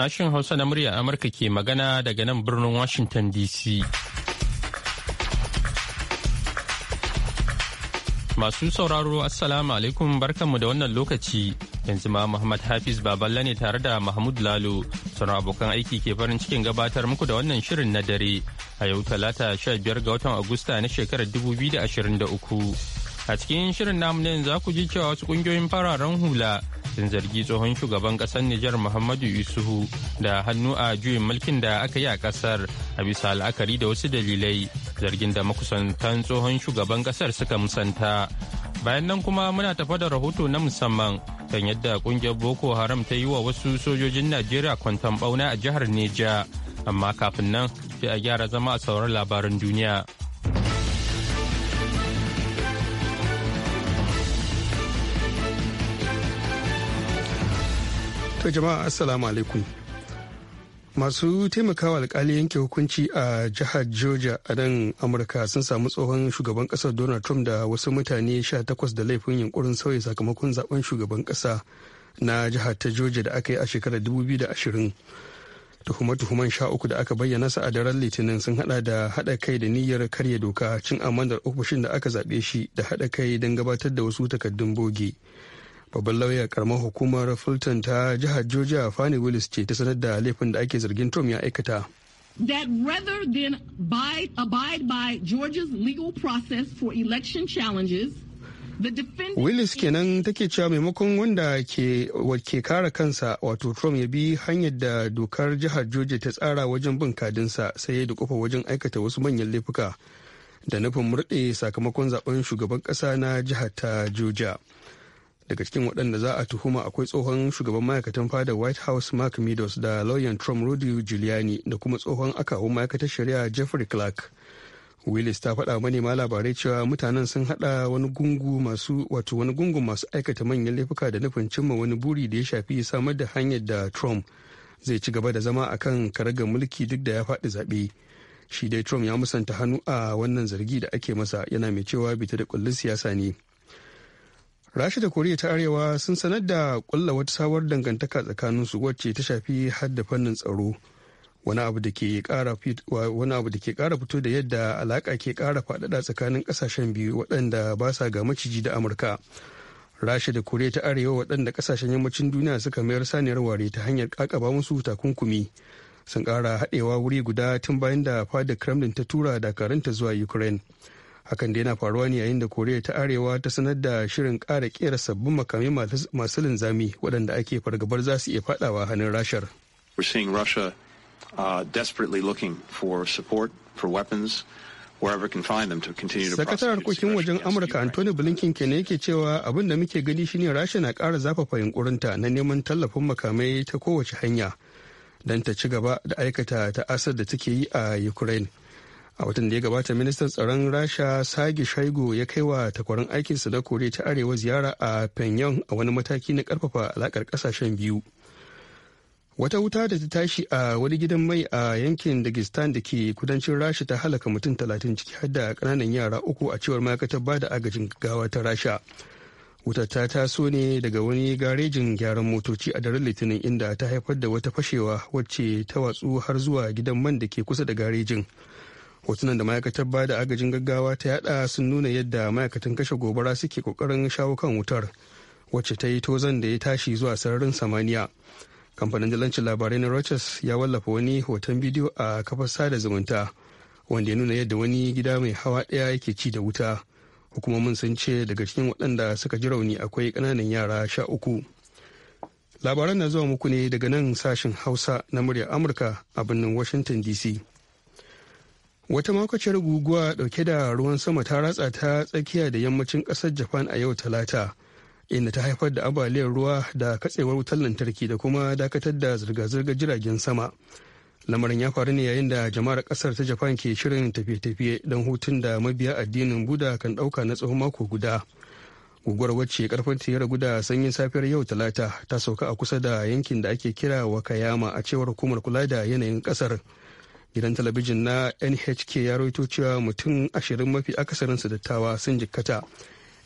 Sashen Hausa na murya Amurka ke magana daga nan birnin Washington DC. Masu sauraro Assalamu alaikum barkanmu da wannan lokaci yanzu ma Muhammad Hafiz Baballa ne tare da Mahmud Lalo sauran abokan aiki ke farin cikin gabatar muku da wannan shirin na dare a yau talata 15 ga watan Agusta na shekarar 2023. A cikin shirin namu ne za ku ji cewa wasu kungiyoyin fararen hula sun zargi tsohon shugaban kasar Nijar Muhammadu Yusufu da hannu a juyin mulkin da aka yi a kasar a bisa la'akari da wasu dalilai zargin da makusantan tsohon shugaban kasar suka musanta. Bayan nan kuma muna tafa da rahoto na musamman kan yadda kungiyar Boko Haram ta yi wa wasu sojojin Najeriya kwantan bauna a jihar Neja. Amma kafin nan sai a gyara zama a sauran labaran duniya. To jama'a assalamu alaikum. Masu taimakawa alkali yanke hukunci a jihar Georgia a nan Amurka sun samu tsohon shugaban kasar Donald Trump da wasu mutane 18 da laifin yunkurin sauya sakamakon zaben shugaban kasa na jihar ta Georgia da aka yi a shekarar 2020. tuhuma-tuhuman sha uku da aka bayyana su a daren litinin sun hada da hada kai da niyyar karya doka cin amanar ofishin da aka zaɓe shi da hada kai don gabatar da wasu takardun boge babban lauya karamar hukumar fulton ta jihar georgia fani willis ce ta sanar da laifin da ake zargin tom ya aikata that rather than abide, abide by georgia's legal process for election challenges Willis kenan take cewa maimakon wanda ke wake kare kansa wato Trump ya bi hanyar da dokar jihar Georgia ta tsara wajen bin kadinsa sai ya dukufa wajen aikata wasu manyan laifuka da nufin murɗe sakamakon zaben shugaban ƙasa na jihar ta Georgia. daga cikin waɗanda za a tuhuma akwai tsohon shugaban ma'aikatan fadar white house mark meadows da lauyan trump rudy giuliani da kuma tsohon akawun ma'aikatar shari'a jeffrey clark willis ta faɗa manema labarai cewa mutanen sun haɗa wani gungu masu wato wani gungun masu aikata manyan laifuka da nufin cimma wani buri da ya shafi samar da hanyar da trump zai ci gaba da zama akan karagar mulki duk da ya faɗi zaɓe shi dai trump ya musanta hannu a wannan zargi da ake masa yana mai cewa bita da kullun siyasa ne rasha da koriya ta arewa sun sanar da kulla wata sabuwar dangantaka tsakanin su wacce ta shafi hadda fannin tsaro wani abu da ke kara fito da yadda alaka ke kara fadada tsakanin kasashen biyu waɗanda ba sa ga maciji da amurka rasha da koriya ta arewa waɗanda kasashen yammacin duniya suka mayar saniyar ware ta hanyar ƙaƙaba musu takunkumi sun kara haɗewa wuri guda tun bayan da fadar kremlin ta tura dakaranta zuwa ukraine hakan da yana faruwa ne yayin da koriya ta arewa ta sanar da shirin kara kera sabbin makamai masu linzami waɗanda ake fargabar za su iya faɗawa hannun rashar uh, sakatar harkokin wajen amurka antony blinken ke ne yake cewa abin da muke gani shine rasha na kara zafafa yunkurinta na neman tallafin makamai ta kowace hanya don ta ci gaba da aikata ta asar da take yi a ukraine a watan da ya gabata ministan tsaron rasha sage shaigo ya kai wa takwarar aikinsa na kore ta arewa ziyara a pyongyang a wani mataki na karfafa alakar kasashen biyu wata wuta da ta tashi a wani gidan mai a yankin dagestan da ke kudancin rasha ta halaka mutum talatin ciki har da kananan yara uku a cewar ma'aikatar bada agajin gawa ta rasha wutar ta taso ne daga wani garejin gyaran motoci a daren litinin inda ta haifar da wata fashewa wacce ta watsu har zuwa gidan man da ke kusa da garejin hotunan da ma'aikatar ba da agajin gaggawa ta yada sun nuna yadda ma'aikatan kashe gobara suke kokarin shawo kan wutar wacce ta yi tozan da ya tashi zuwa sararin samaniya kamfanin dalancin labarai na Rochers ya wallafa wani hoton bidiyo a kafar sada zumunta wanda ya nuna yadda wani gida mai hawa ɗaya yake ci da wuta hukumomin sun ce daga cikin waɗanda suka ji rauni akwai ƙananan yara sha uku labaran na zuwa muku ne daga nan sashen hausa na muryar amurka a birnin washington dc wata makwacin guguwa dauke da ruwan sama ta ratsa ta tsakiya da yammacin kasar japan a yau talata inda ta haifar da abaliyar ruwa da katsewar wutar lantarki da kuma dakatar da zirga-zirgar jiragen sama lamarin ya faru ne yayin da jama'ar kasar ta japan ke shirin tafiye-tafiye don hutun da mabiya addinin buda kan dauka na tsawon mako guda guguwar wacce karfin ta ya ragu sanyin safiyar yau talata ta sauka a kusa da yankin da ake kira wakayama a cewar hukumar kula da yanayin kasar gidan talabijin na nhk ya rawaito cewa mutum ashirin mafi su dattawa sun jikkata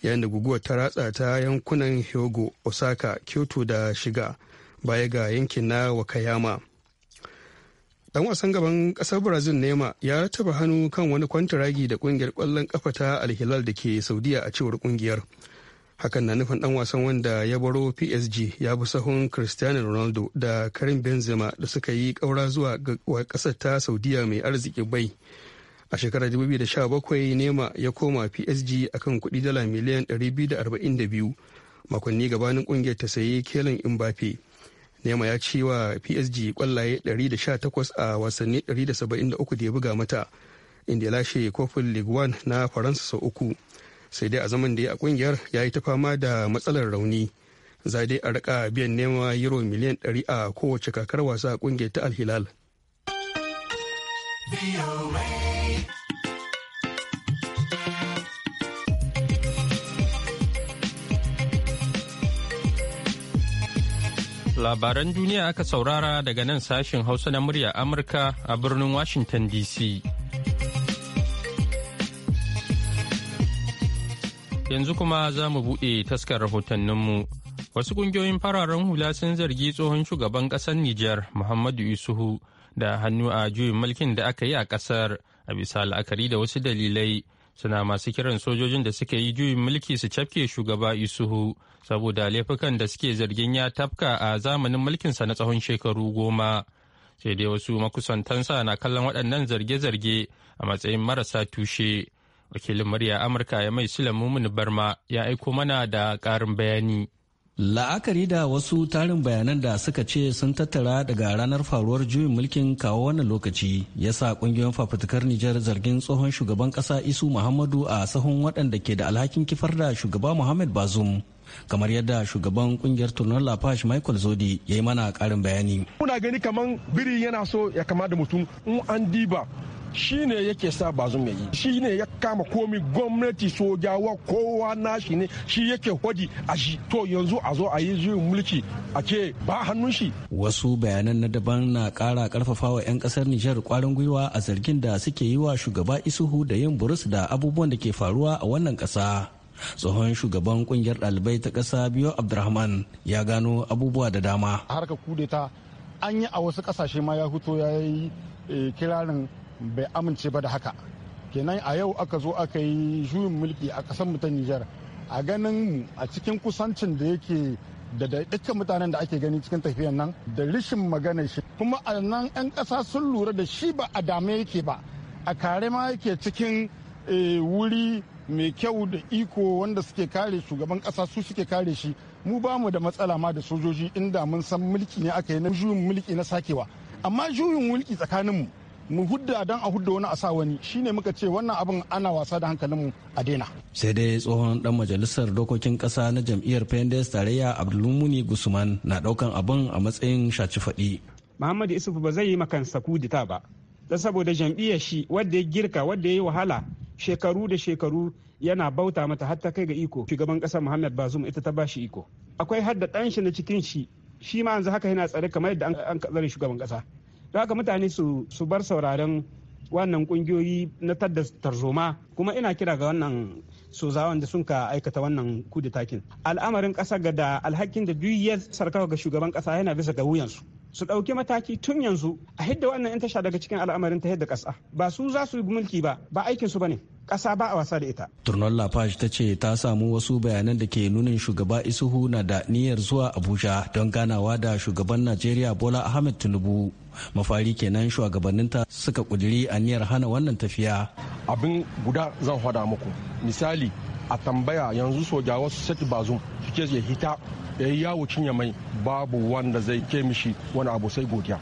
yayin da guguwar ta ratsa ta yankunan hyogo osaka kyoto da shiga baya ga yankin na wakayama dan wasan gaban kasar brazil nema ya rataba hannu kan wani kwantaragi da kungiyar kwallon kafa ta alhilal da ke saudiya a cewar kungiyar hakan na nufin dan wasan wanda ya baro psg ya bi sahun cristiano ronaldo da karim benzema da suka yi kaura zuwa ga kasar ta saudiya mai arziki bai a shekarar 2017 nema ya koma psg akan kudi dala miliyan 242 makonni gabanin kungiyar ta sayi kelin imbafe nema ya ci wa psg kwallaye 118 a wasanni 173 da ya buga mata inda ya lashe kofin ligue 1 na faransa sau uku sai dai a zaman da ya a kungiyar ya yi ta fama da matsalar rauni zai dai a rika biyan nema euro miliyan 100 a kowace kakar wasa a kungiyar ta alhilal labaran duniya aka saurara daga nan sashin hausa na murya amurka a birnin washington dc Yanzu kuma za mu buɗe taskar rahotanninmu. Wasu ƙungiyoyin fararen hula sun zargi tsohon shugaban ƙasar Nijar Muhammadu Isuhu da hannu a juyin mulkin da aka yi a ƙasar a bisa la'akari da wasu dalilai. Suna masu kiran sojojin da suka yi juyin mulki su cafke shugaba Isuhu saboda laifukan da suke zargin ya tafka a zamanin mulkinsa na tsawon shekaru goma. Sai dai wasu makusantansa na kallon waɗannan zarge-zarge a matsayin marasa tushe. wakilin murya amurka ya mai mumuni barma ya aiko mana da karin bayani la'akari da wasu tarin bayanan da suka ce sun tattara daga ranar faruwar juyin mulkin kawo wannan lokaci ya sa kungiyoyin fafutukar nijar zargin tsohon shugaban kasa isu muhammadu a sahun waɗanda ke da alhakin kifar da shugaba muhammad bazum kamar yadda shugaban kungiyar tunan lafash michael zodi ya yi mana karin bayani muna gani kaman biri yana so ya kama da mutum in an diba shi ne yake sa bazum ya yi shi ne ya kama komi gwamnati sojawa kowa nashi ne shi yake hwaji a shi to yanzu a zo a yi juyin mulki a ce ba hannun shi wasu bayanan na daban na kara karfafa wa 'yan kasar nijar kwarin gwiwa a zargin da suke yi wa shugaba isuhu da yin burus da abubuwan da ke faruwa a wannan kasa tsohon shugaban kungiyar dalibai ta kasa biyo abdurrahman ya gano abubuwa da dama harkar kudeta an yi a wasu kasashe ma ya fito ya yi eh, kirarin bai amince ba da haka kenan a yau aka zo aka yi juyin mulki a ƙasar mu ta nijar a ganin a cikin kusancin da yake da dukkan mutanen da ake gani cikin tafiyan nan da rishin magana shi kuma a nan 'yan ƙasa sun lura da shi ba a dame yake ba a kare ma yake cikin eh, wuri mai kyau da iko wanda suke kare shugaban ƙasa su suke kare shi mu ba mu da matsala ma da sojoji inda mun san mulki ne aka yi na juyin mulki na sakewa amma juyin mulki tsakanin mu mu hudda don a hudda wani a sa wani shi ne muka ce wannan abin ana wasa da hankalin mu a daina sai dai tsohon dan majalisar dokokin kasa na jam'iyyar pendes tarayya abdulmuni gusman na daukan abin a matsayin shaci faɗi muhammad isufu ba zai yi kan sakudita ba don saboda jam'iyyar shi wadda ya girka wadda ya yi wahala shekaru da shekaru yana bauta mata har ta kai ga iko shugaban kasa muhammad bazum ita ta bashi iko akwai hadda ɗan shi na cikin shi shi ma yanzu haka yana tsare kamar yadda an tsare shugaban kasa don haka mutane su bar sauraron wannan kungiyoyi na tadda tarzoma kuma ina kira ga wannan sozawan da sun ka aikata wannan takin. al'amarin ƙasa ga da alhakin da duk ya sarkawa ga shugaban kasa yana bisa ga wuyansu su ɗauki mataki tun yanzu a hidda wannan 'yan tasha daga cikin al'amarin ta hidda ƙasa ba su za su yi mulki ba ba aikinsu ba ne ƙasa ba a wasa da ita. Turnon Lafash ta ce ta samu wasu bayanan da ke nunin shugaba Isuhu na da niyyar zuwa Abuja don ganawa da shugaban Najeriya Bola Ahmed Tinubu. Mafari kenan shugabanninta suka a niyyar hana wannan tafiya. Abin guda zan hada muku. Misali a tambaya yanzu soja wasu sati bazum suke ya hita ya yi yawo cinye mai babu wanda zai ke mishi wani abu sai godiya.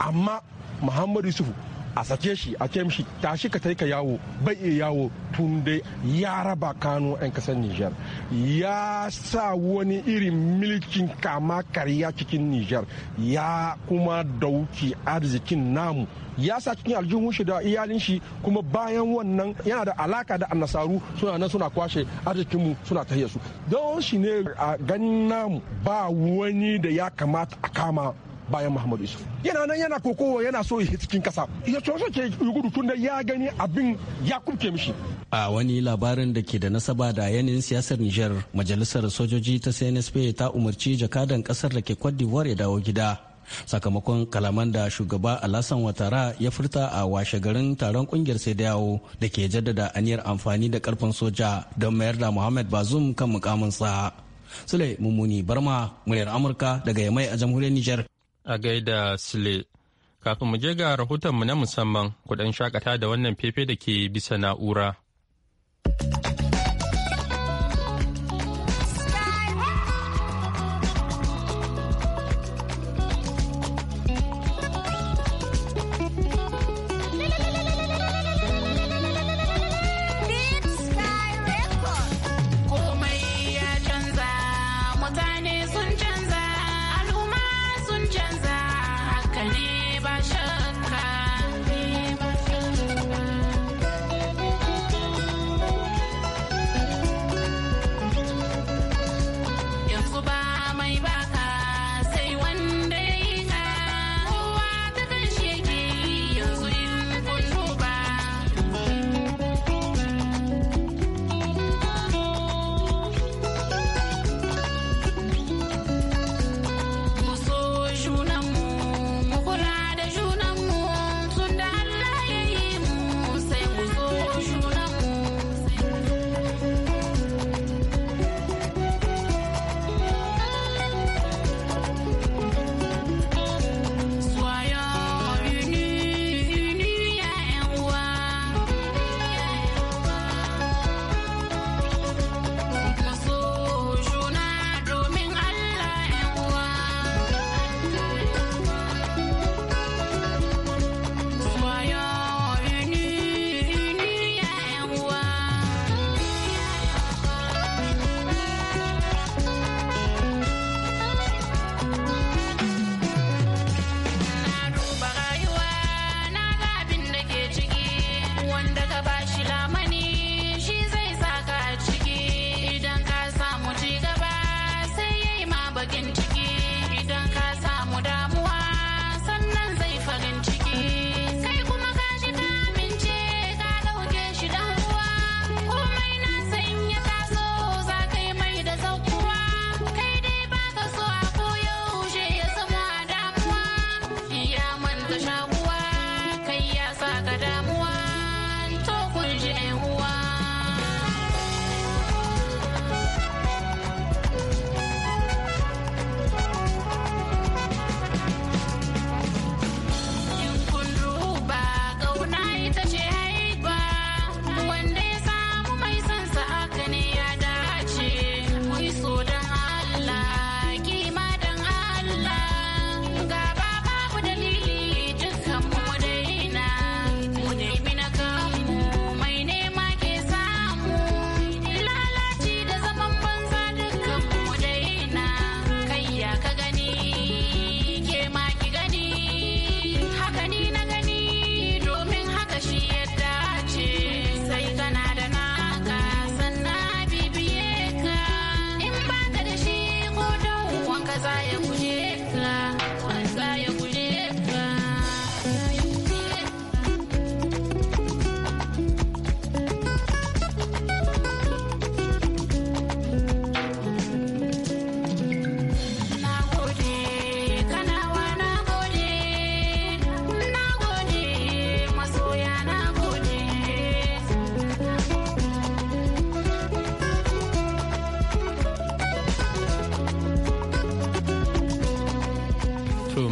Amma Muhammadu Isuhu a sake shi a ke mishi tashi ka tai yawo bai iya yawo tun dai ya raba kano 'yan kasar nijar ya sa wani irin milkin kama karya cikin nijar ya kuma dauki arzikin namu ya sa cikin aljihun shi da iyalin shi kuma bayan wannan yana da alaka da annasaru suna nan suna kwashe arzikinmu suna ta su don shi ne a ganin namu ba wani da ya kamata a kama bayan Muhammadu Yusuf. Yana nan yana kokowa yana so ya cikin kasa. Ya coci ke gudu tun da ya gani abin ya kubce mishi. A wani labarin da ke da nasaba da yanayin siyasar Nijar, majalisar sojoji ta CNSP ta umarci jakadan kasar da ke Cote d'Ivoire ya dawo gida. Sakamakon kalaman da shugaba Alasan Watara ya furta a washe garin taron kungiyar sai da yawo da ke jaddada aniyar amfani da karfin soja don mayar da Muhammad Bazoum kan mukamin sa. Sule Mummuni Barma, muryar Amurka daga Yamai a jamhuriyar Nijar. A gaida Sile, kafin mu je ga rahotonmu na musamman kuɗan shakata da wannan fefe da ke bisa na'ura.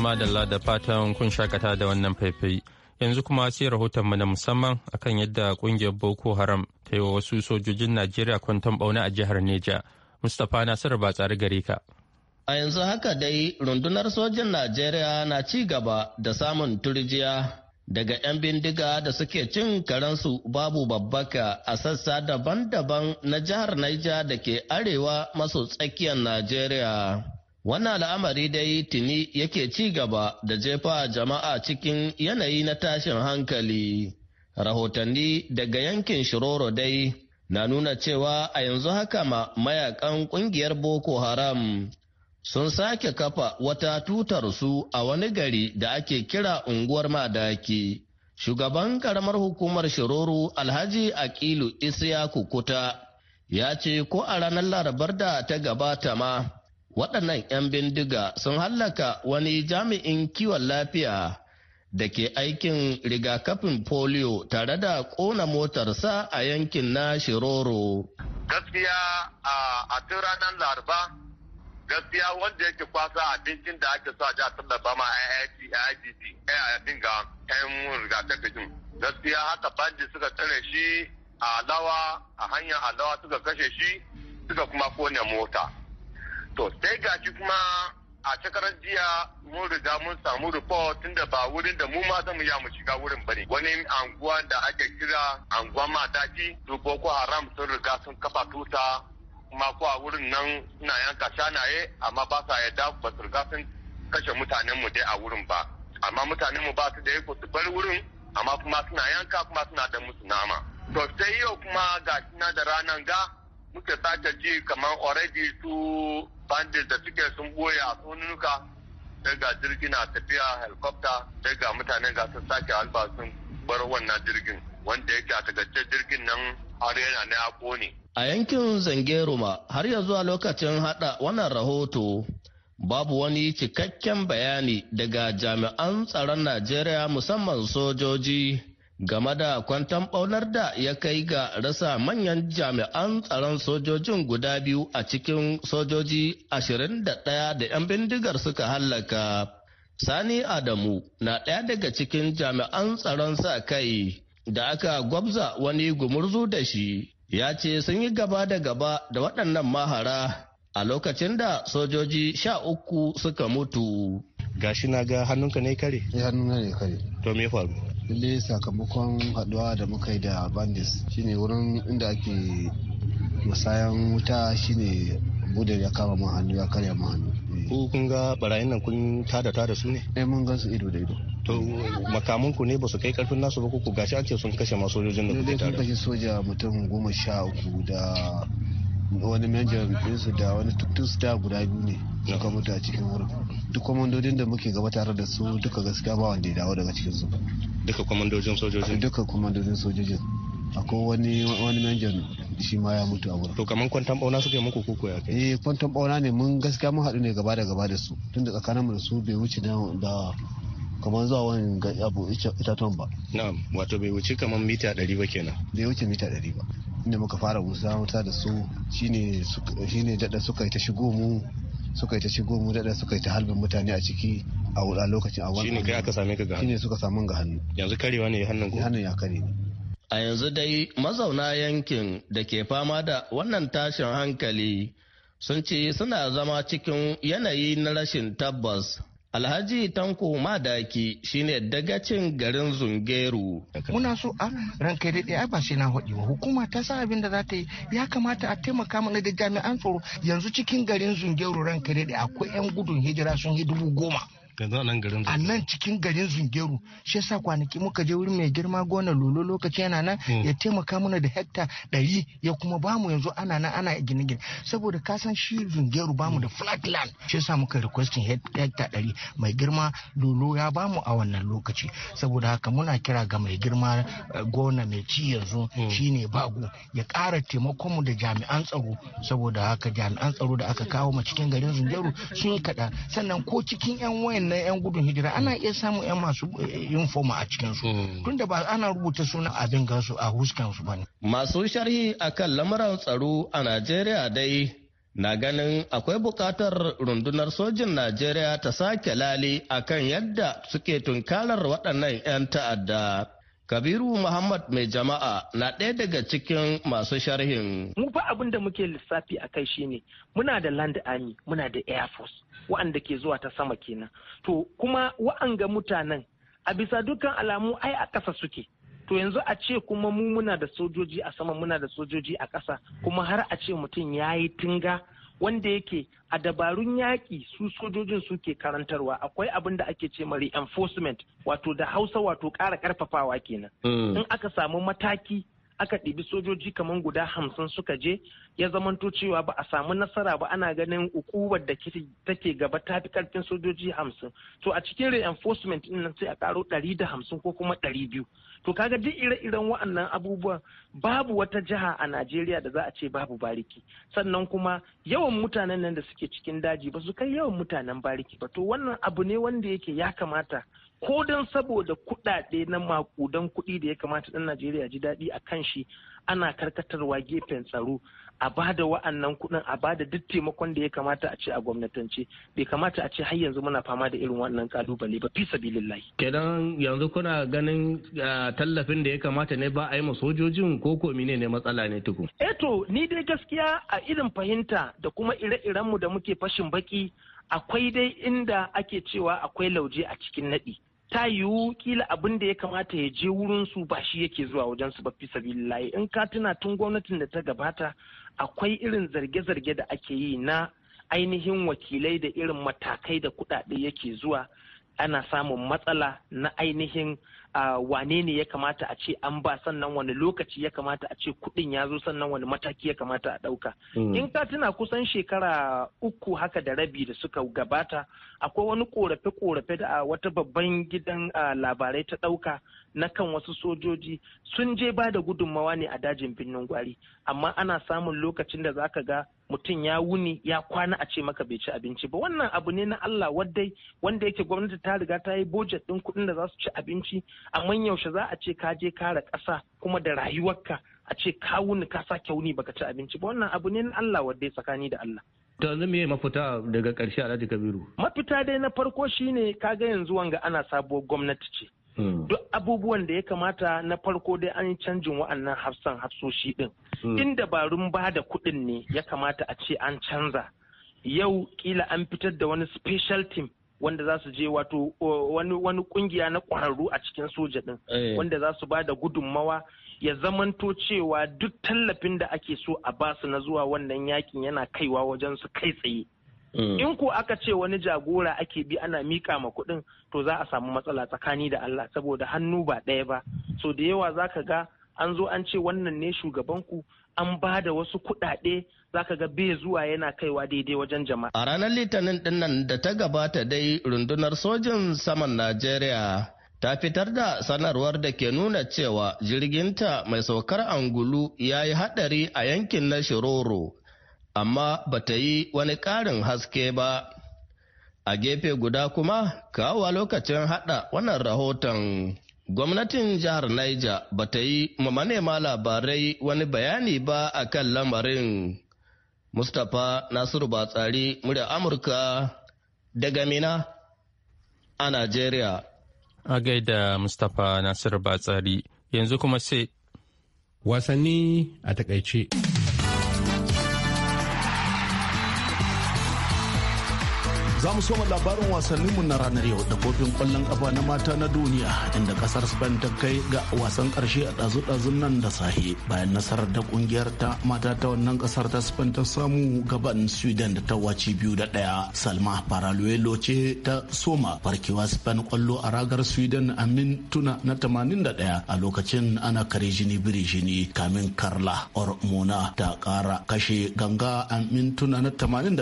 madalla da fatan kun shakata da wannan faifai yanzu kuma sai rahotonmu na musamman akan yadda kungiyar boko haram ta yi wa wasu sojojin najeriya kwanton bauna a jihar neja mustapha nasiru ba tsari gare ka A yanzu haka dai rundunar sojin Najeriya na ci gaba da samun turjiya daga 'yan bindiga da suke cin karensu babu babbaka a sassa daban-daban na jihar Niger da ke arewa maso tsakiyar Najeriya. Wannan al'amari dai tuni yake ci gaba da jefa jama'a cikin yanayi na tashin hankali. Rahotanni daga yankin Shiroro dai na nuna cewa a yanzu haka ma mayakan ƙungiyar Boko Haram sun sake kafa wata tutar su a wani gari da ake kira unguwar Madaki. Shugaban karamar hukumar Shiroro Alhaji Akilu Isiya Kukuta ya ce ko a ranar Larabar da ta gabata ma. waɗannan 'yan bindiga sun hallaka wani jami'in kiwon lafiya da ke aikin rigakafin polio tare da ƙona motarsa a yankin na shiroro. Gaskiya a tun ranar laraba gaskiya wanda yake kwasa abincin da ake sa ja tallafa ma IITT a ga yan rigakafin gaskiya haka bandi suka tsere shi a alawa a hanyar alawa suka kashe shi suka kuma kone mota. To sai shi kuma a shekarar jiya mun riga mun samu report tunda ba wurin da mu ma za mu ya mu shiga wurin bane wani anguwa da ake kira anguwa mataki to boko haram sun riga sun kafa tuta kuma ko a wurin nan suna yanka shanaye amma ba sa yadda ba su riga sun kashe mutanen mu dai a wurin ba amma mutanen mu ba su da yako su bar wurin amma kuma suna yanka kuma suna da musu nama to sai yau kuma ga na da ranan ga muke sake ji kamar already su bandit da suke sun boye a tsonunuka sai ga jirgi na tafiya helicopter sai ga mutane ga sun sake albasun bar wannan jirgin wanda yake a tagacce jirgin nan har yana na ya a yankin zangeruma har ya zuwa lokacin hada wannan rahoto babu wani cikakken bayani daga jami'an tsaron najeriya musamman sojoji game da kwantan ɓaunar da ya kai ga rasa manyan jami'an tsaron sojojin guda biyu a cikin sojoji 21 da 'yan bindigar suka hallaka. Sani Adamu na ɗaya daga cikin jami'an tsaron sa kai da aka gwabza wani gumurzu da shi ya ce sun yi gaba da gaba da waɗannan mahara a lokacin da sojoji sha uku suka mutu. Gashi na ga hannunka ne kare? Ya hannuna ne kare. To me faru? lalle sakamakon haduwa da muka yi da bandits shine wurin inda ake musayan wuta shine budar ya kama mu hannu ya karya mu hannu eh. ku kun ga barayin nan kun tada tada su ne eh mun gan su ido da ido to makamun ku ne ba su kai karfin nasu ba ku gashi an ce sun kashe ma sojojin da kuke tare sun kashe soja mutum goma sha uku da wani major ɗinsu da wani tuktus da guda biyu ne da kuma a cikin wurin duk kwamandodin da muke gaba tare da su duka gaskiya ba wanda ya dawo daga cikin su duka kwamandodin sojojin duka kwamandodin sojojin akwai wani wani manjan shi ma ya mutu a wurin to kaman kwantan bauna suke muku koko ya kai eh kwantan bauna ne mun gaskiya mun haɗu ne gaba da gaba da su tunda tsakanin mu da su bai wuce da kaman zuwa wani abu itatuwan ba. Na'am, wato bai wuce kamar mita ɗari ba kenan. Bai wuce mita ɗari ba. Inda muka fara musa wuta da su shine shine daɗa suka yi ta shigo mu suka yi ta shigo mu daɗa suka yi ta halbin mutane a ciki a wuɗa lokacin a wani shine kai aka same ka ga shine suka samu ga hannu yanzu karewa ne hannun ko hannun ya kare a yanzu dai mazauna yankin da ke fama da wannan tashin hankali sun ce suna zama cikin yanayi na rashin tabbas Alhaji Tanko Madaki shine dagacin garin Zungeru. Muna so a ah, ranka kai daidai ba sai na haɗi ba hukuma ta sa abin da za ta yi ya kamata a taimaka mana da jami'an tsaro yanzu cikin garin Zungeru ran daɗe ɗaya. akwai 'yan gudun hijira sun yi dubu goma. a nan cikin garin zungeru shi yasa kwanaki muka je wurin mai girma gona lolo lokaci yana nan mm. ya taimaka mana da hekta ɗari ya kuma bamu yanzu ana nan ana gine-gine saboda ka san shi zungeru bamu da mm. flat land shi yasa muka requesting hekta ɗari mai girma lolo ya bamu a wannan lokaci saboda haka muna kira ga mai girma eh, gona mai ci yanzu Shi mm. shine bago ya ƙara taimakonmu da jami'an tsaro saboda haka jami'an tsaro da aka kawo mu cikin garin zungeru sun kaɗan sannan ko cikin 'yan wayan nan yan gudun hijira ana hmm. iya samun yan masu eh, informa a cikin su hmm. tunda ba ana rubuta suna abin su a huskan su bane masu sharhi akan lamuran tsaro a Najeriya dai na ganin akwai buƙatar rundunar sojin Najeriya ta sake lali akan yadda suke tunkarar waɗannan 'yan ta'adda. Kabiru Muhammad mai jama'a na ɗaya daga cikin masu sharhin. Mu fa abin da muke lissafi a kai shine muna da land army muna da air force wa'anda ke zuwa ta sama kenan to kuma wa'anga mutanen a bisa dukkan alamu ai a ƙasa suke to yanzu a ce kuma mu muna da sojoji a sama muna da sojoji a ƙasa kuma har a ce mutum ya yi tunga. wanda yake a dabarun yaƙi su sojojin suke karantarwa akwai abin da ake ce reinforcement wato da hausa wato ƙara ƙarfafawa kenan mm. in aka samu mataki aka ɗibi sojoji kamar guda hamsin suka je ya zamanto cewa ba a samu nasara ba ana ganin ukubar da take gaba ta fi karfin sojoji hamsin to a cikin reinforcement din nan sai a karo ɗari da hamsin ko kuma ɗari biyu to kaga duk ire-iren wa'annan abubuwan babu wata jiha a najeriya da za a ce babu bariki sannan kuma yawan mutanen nan da suke cikin daji ba su kai yawan mutanen bariki ba to wannan abu ne wanda yake ya kamata ko don saboda kuɗaɗe na makudan kuɗi da ya kamata ɗan Najeriya ji daɗi a kan shi ana karkatarwa gefen tsaro a bada da wa'annan kuɗin a bada duk taimakon da ya kamata a ce a gwamnatance bai kamata a ce har yanzu muna fama da irin wannan kalubale ba fi sabilillahi kenan yanzu kuna ganin tallafin da ya kamata ne ba a yi sojojin ko ko mine ne matsala ne tukun eh to ni dai gaskiya a irin fahimta da kuma ire-irenmu da muke fashin baki akwai dai inda ake cewa akwai lauje a cikin naɗi ta yiwu kila abin da ya kamata ya je wurin su ba shi yake zuwa wajen su ba fi sabilillahi in ka tuna tun gwamnatin da ta gabata akwai irin zarge-zarge da ake yi na ainihin wakilai da irin matakai da kudade yake zuwa ana samun matsala na ainihin wane ne ya kamata a ce an ba sannan wani lokaci ya kamata a ce kuɗin ya zo sannan wani mataki ya kamata a ɗauka. Hmm. In ka tuna kusan shekara uku haka da rabi da suka gabata akwai wani korafe-korafe da wata babban gidan labarai ta ɗauka na kan wasu sojoji sun je ba da gudunmawa ne a dajin birnin gwari amma ana samun lokacin da zaka ga mutum ya wuni ya kwana a ce maka bai ci abinci ba wannan abu ne na Allah wadda wanda yake gwamnati ta riga ta yi bojet ɗin kuɗin da za su ci abinci amma yaushe za a ce ka je kare ƙasa kuma da rayuwarka a ce ka wuni ka sa kyauni baka ci abinci ba wannan abu ne na Allah wadda ya tsakani da Allah to yanzu me mafita daga ƙarshe Alhaji Kabiru mafita dai na farko shine ga yanzu wanga ana sabuwar gwamnati ce hmm. duk abubuwan da ya kamata na farko dai an yi canjin wa'annan hafsan hafsoshi ɗin. in hmm. dabarun ba da kuɗin ne ya kamata a ce an canza yau kila an fitar da wani special team wanda za su je wato wani kungiya na kwararru a cikin soja din eh. wanda za su ba da gudunmawa ya zamanto cewa duk tallafin da ake so a ba su na zuwa wannan yakin yana kaiwa wajen su kai tsaye mm. in ko aka ce wani jagora ake bi ana mika ma kuɗin to za a samu matsala tsakani da Allah saboda hannu ba ɗaya ba so da yawa za ka ga an zo an ce wannan ne shugabanku an ba da wasu kuɗaɗe zaka ga bai zuwa yana kaiwa daidai wajen jama'a. A ranar Litinin dinnan da ta gabata dai rundunar sojin saman Najeriya ta fitar da sanarwar da ke nuna cewa jirginta mai saukar angulu ya yi haɗari a yankin na Shiroro, amma ba ta yi wani ƙarin haske ba. A gefe guda kuma, kawo lokacin haɗa wannan rahoton. Gwamnatin jihar Niger ba ta yi manema labarai wani bayani ba a kan lamarin. Mustapha Nasiru Batsari, murya Amurka daga Mina a Najeriya. A gaida Mustapha Nasiru Batsari, yanzu kuma sai. Wasanni a takaice. Za mu soma labarin wasannin mu na ranar yau da kofin kwallon kafa na mata na duniya inda kasar Spain ta kai ga wasan karshe a ɗazu-ɗazun nan da sahi bayan nasarar da kungiyar ta mata ta wannan kasar ta Spain ta samu gaban Sweden da ta waci biyu da ɗaya. Salma Paraluelo ce ta soma farkewa Spain kwallo a ragar Sweden a mintuna na 81 a lokacin ana kare jini biri jini kamin Karla Ormona ta kara kashe ganga a mintuna na 89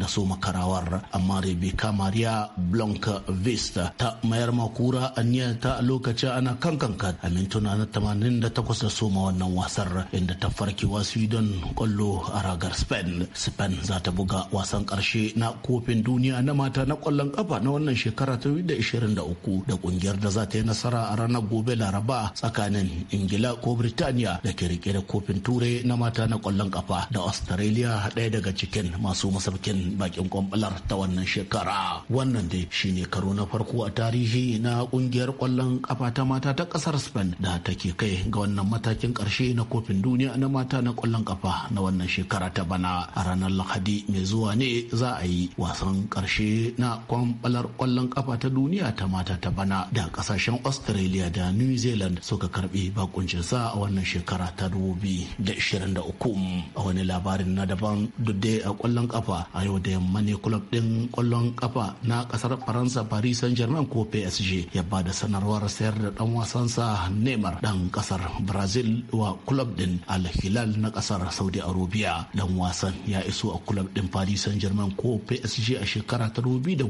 da soma karawar amma Rebecca kamariya Blanc Vista ta mayar makura niyar ta a lokacin ana kan kanka a mintuna na 88 da soma wannan wasar inda ta farkewa Sweden kwallo a ragar Spain. Spain za ta buga wasan karshe na kofin duniya na mata na kwallon kafa na wannan shekara ta 2023 da kungiyar da za ta yi nasara a ranar gobe Laraba tsakanin Ingila ko Birtaniya da ke rike da kofin Turai na mata na kwallon kafa da Australia ɗaya daga cikin masu masaukin bakin kwambalar ta wannan shekara wannan dai shine karo na farko a tarihi na kungiyar kwallon kafa ta mata ta kasar spain da take kai ga wannan matakin karshe na kofin duniya na mata na kwallon kafa na wannan shekara ta bana a ranar lahadi mai zuwa ne za a yi wasan karshe na kwamfalar kwallon kafa ta duniya ta mata ta bana da kasashen australia da new zealand suka karbi sa a wannan shekara ta dubu da da ishirin uku. a wani labarin na daban dudde a kwallon kafa a yau da yamma ne club din kwallon kafa na kasar faransa paris saint germain ko psg ya ba da sanarwar sayar da dan wasansa neymar dan kasar brazil wa club din al hilal na kasar saudi arabia dan wasan ya iso a club din paris saint germain ko psg a shekara ta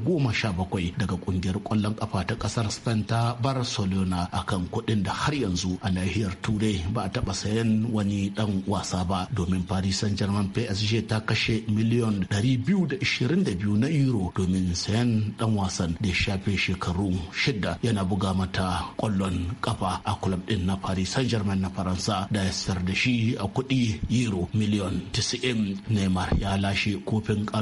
Goma sha bakwai daga kungiyar kwallon kafa ta kasar spain ta barcelona a kan kuɗin da har yanzu a nahiyar turai ba a taɓa sayan wani dan wasa ba domin paris saint germain psg ta kashe miliyon biyu na euro euro domin sayan dan wasan da ya shafe shekaru shida yana buga mata kwallon kafa a club din na paris saint germain na faransa da ya sayar da shi a kudi euro miliyon 90 neymar ya lashe kofin ka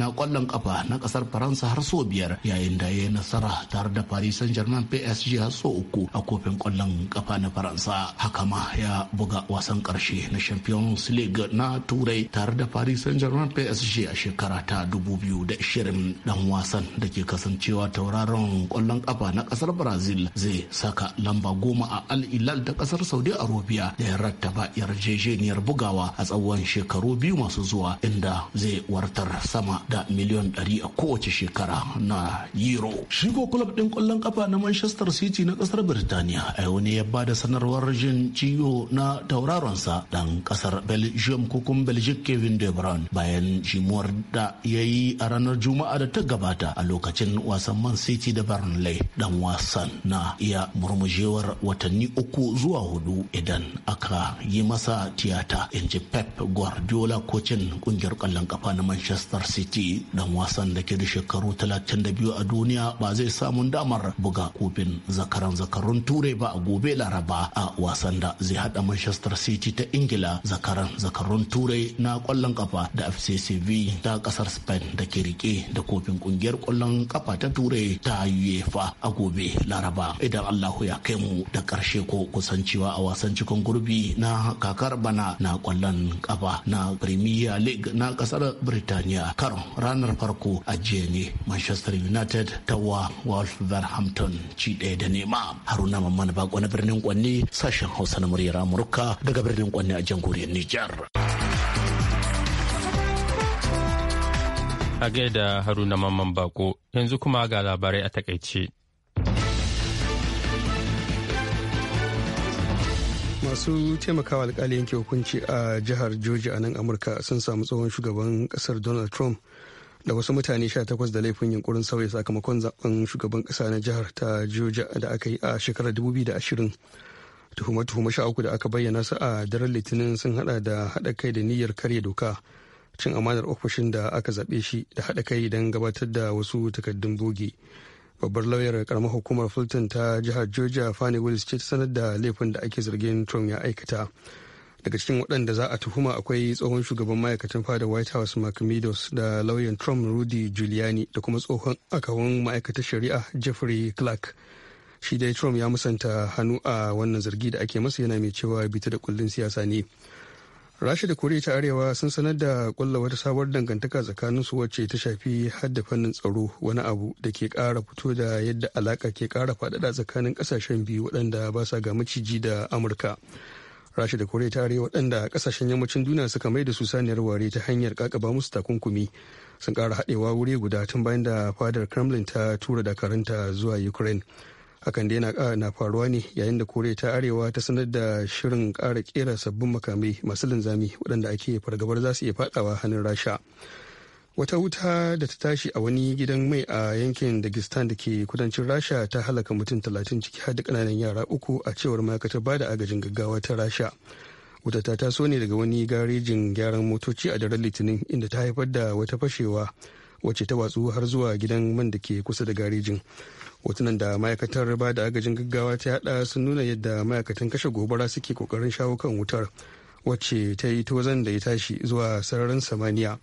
na kwallon kafa na kasar faransa har so biyar yayin da ya yi nasara tare da paris saint germain psg har so uku a kofin kwallon kafa na faransa haka ma ya buga wasan karshe na champions league na turai tare da paris saint germain psg a shekara ta 2020 shirin dan wasan da ke kasancewa tauraron kwallon kafa na kasar brazil zai saka lamba goma a al hilal da kasar saudi arabia da ya rattaba yarjejeniyar bugawa a tsawon shekaru biyu masu zuwa inda zai wartar sama da miliyon ɗari a kowace shekara na euro shigo din kwallon kafa na manchester city na kasar birtaniya a yau ne ya ba da sanarwar jin ciwo na tauraronsa dan kasar belgium kukun belgium kevin de bruyne bayan jimuwar da ya yi a ranar ranar Juma'a da ta gabata a lokacin wasan Man City da Burnley dan wasan na iya murmushewar watanni uku zuwa hudu idan aka yi masa tiyata in ji Pep Guardiola kocin kungiyar kwallon kafa na Manchester City dan wasan da ke da shekaru 32 a duniya ba zai samu damar buga kofin zakaran zakarun turai ba a gobe laraba a wasan da zai hada Manchester City ta Ingila zakaran zakarun turai na kwallon kafa da FC ta kasar Spain da ke rike da kofin kungiyar kwallon kafa ta turai ta UEFA a gobe Laraba idan Allahu ya kai mu da karshe ko kusancewa a wasan cikin gurbi na kakar bana na kwallon ƙafa na Premier League na ƙasar Birtaniya kar ranar farko a jiya ne Manchester United ta wa Wolverhampton ci ɗaya da nema Haruna Mamman Bako na birnin Kwanne sashen Hausa na muryar Amurka daga birnin Kwanne a jamhuriyar Nijar. A gaida Haruna Mamman Bako yanzu kuma ga labarai a takaice. masu taimakawa alkali yanke hukunci a jihar georgia a nan amurka sun samu tsohon shugaban kasar donald trump da wasu mutane 18 da laifin yunkurin sauya sakamakon zaben shugaban kasa na jihar ta georgia da aka yi a shekarar 2020 tuhume-tuhume sha uku da aka bayyana su a daren litinin sun hada da hada kai da niyyar karya doka cin amanar ofishin da aka zaɓe shi da haɗa kai don gabatar da wasu takaddun bogi babbar lauyar karamar hukumar fulton ta jihar georgia fani willis ce ta sanar da laifin da ake zargin trump ya aikata daga cikin waɗanda za a tuhuma akwai tsohon shugaban ma'aikatan fada white house mark meadows da lauyan trump rudy giuliani da kuma tsohon akawun ma'aikatar shari'a jeffrey clark shi dai trump ya musanta hannu a wannan zargi da ake masa yana mai cewa bita da kullun siyasa ne rasha da koriya ta arewa sun sanar da kulla wata sabuwar dangantaka tsakanin su wacce ta shafi hadda fannin tsaro wani abu da ke kara fito da yadda alaka ke kara fadada tsakanin kasashen biyu waɗanda ba sa ga maciji da amurka rasha da koriya ta arewa waɗanda kasashen yammacin duniya suka mai da su saniyar ware ta hanyar kakaba musu takunkumi sun kara haɗewa wuri guda tun bayan da fadar kremlin ta tura dakaranta zuwa ukraine hakan dai ah, na faruwa ne yayin da koriya ta arewa ta sanar da shirin kara kera sabbin makamai masu linzami waɗanda ake fargabar za su iya fadawa hannun rasha wata wuta da ta tashi a wani gidan mai a yankin dagestan da ke kudancin rasha ta halaka mutum talatin ciki har da kananan yara uku a cewar ma'aikatar ba da agajin gaggawa ta rasha wuta ta taso ne daga wani garejin gyaran motoci a daren litinin inda ta haifar da wata fashewa wacce ta watsu har zuwa gidan man da ke kusa da garejin hotunan da ma'aikatar ba da agajin gaggawa ta yada sun nuna yadda ma'aikatan kashe gobara suke kokarin shawo kan wutar wacce ta yi tozan da ya tashi zuwa sararin samaniya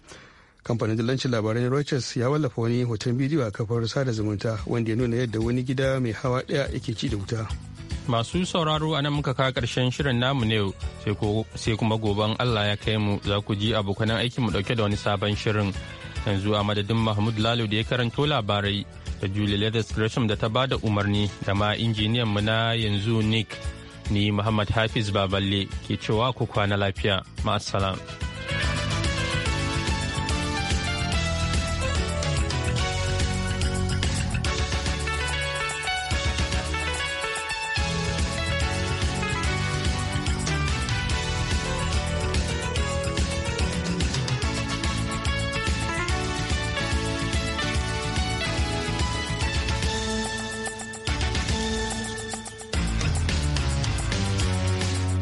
kamfanin dillancin labaran reuters ya wallafa wani hoton bidiyo a kafar sada zumunta wanda ya nuna yadda wani gida mai hawa daya yake ci da wuta masu sauraro a nan muka kawo karshen shirin namu ne sai kuma goben allah ya kai mu za ku ji abokanan aikinmu dauke da wani sabon shirin yanzu a madadin mahmud lalo da ya karanto labarai da julie leathers gresham da ta ba da umarni da ma injiniyan mu na yanzu nick ni muhammad hafiz baballe ke cewa ku kwana lafiya ma'asalam.